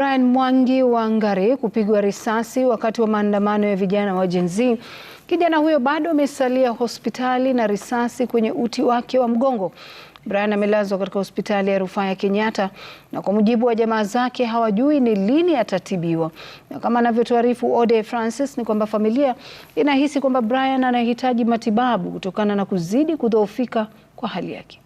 Brian Mwangi wa Ngari kupigwa risasi wakati wa maandamano ya vijana wa Gen Z. Kijana huyo bado amesalia hospitali na risasi kwenye uti wake wa mgongo. Brian amelazwa katika hospitali ya rufaa ya Kenyatta na kwa mujibu wa jamaa zake hawajui ni lini atatibiwa. Na kama anavyotuarifu Ode Francis ni kwamba familia inahisi kwamba Brian anahitaji matibabu kutokana na kuzidi kudhoofika kwa hali yake.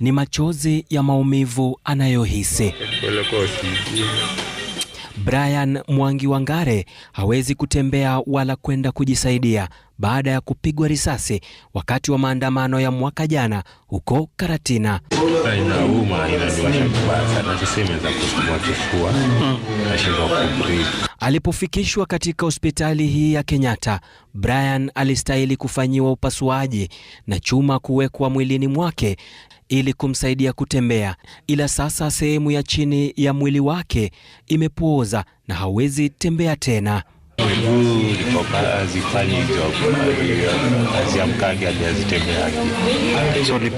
Ni machozi ya maumivu anayohisi. Brian Mwangi Wangare hawezi kutembea wala kwenda kujisaidia baada ya kupigwa risasi wakati wa maandamano ya mwaka jana huko Karatina. Inauma, Alipofikishwa katika hospitali hii ya Kenyatta, Brian alistahili kufanyiwa upasuaji na chuma kuwekwa mwilini mwake ili kumsaidia kutembea, ila sasa sehemu ya chini ya mwili wake imepooza na hawezi tembea tena. Miguu So ni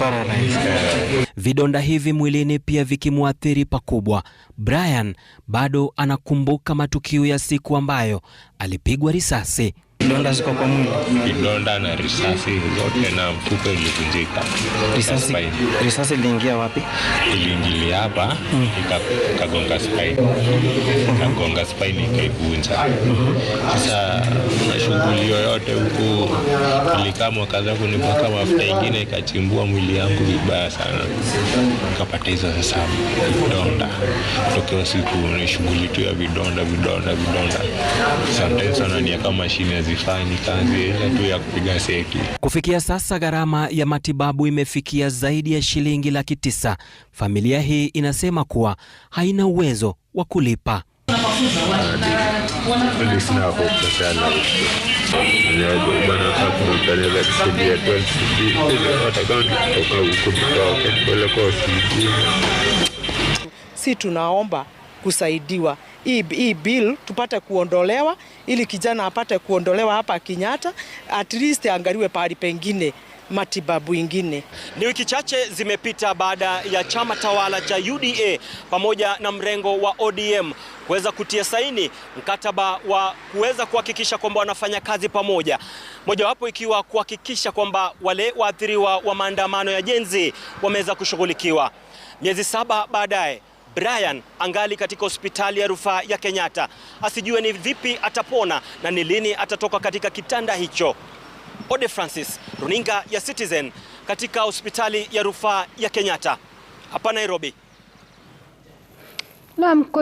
Vidonda hivi mwilini pia vikimwathiri pakubwa. Brian bado anakumbuka matukio ya siku ambayo alipigwa risasi. Donda ziko kwa mwili, vidonda na risasi zote na mfuko ulivunjika. Risasi risasi iliingia wapi? Iliingilia hapa mm. Ikagonga spine, mm-hmm. ikagonga spine ikaivunja. Mm-hmm. Sasa maungulio yote huku, nilikaa mwaka zangu nipaka mafuta ingine ikachimbua mwili yangu vibaya sana, kapata hizo sasa vidonda tokeo siku ni shughuli tu ya vidonda vidonda vidonda, sometimes wananiweka mashine hazifanyi kazi tu ya kupiga seki. Kufikia sasa gharama ya matibabu imefikia zaidi ya shilingi laki tisa. Familia hii inasema kuwa haina uwezo wa kulipa. Si tunaomba kusaidiwa hii, hii bill tupate kuondolewa, ili kijana apate kuondolewa hapa Kenyatta, at least angaliwe pahali pengine matibabu ingine. Ni wiki chache zimepita baada ya chama tawala cha UDA pamoja na mrengo wa ODM kuweza kutia saini mkataba wa kuweza kuhakikisha kwamba wanafanya kazi pamoja, mojawapo ikiwa kuhakikisha kwamba wale waathiriwa wa maandamano ya jenzi wameweza kushughulikiwa. Miezi saba baadaye Brian angali katika hospitali ya rufaa ya Kenyatta, asijue ni vipi atapona na ni lini atatoka katika kitanda hicho. Ode Francis, runinga ya Citizen katika hospitali ya rufaa ya Kenyatta hapa Nairobi. Naam.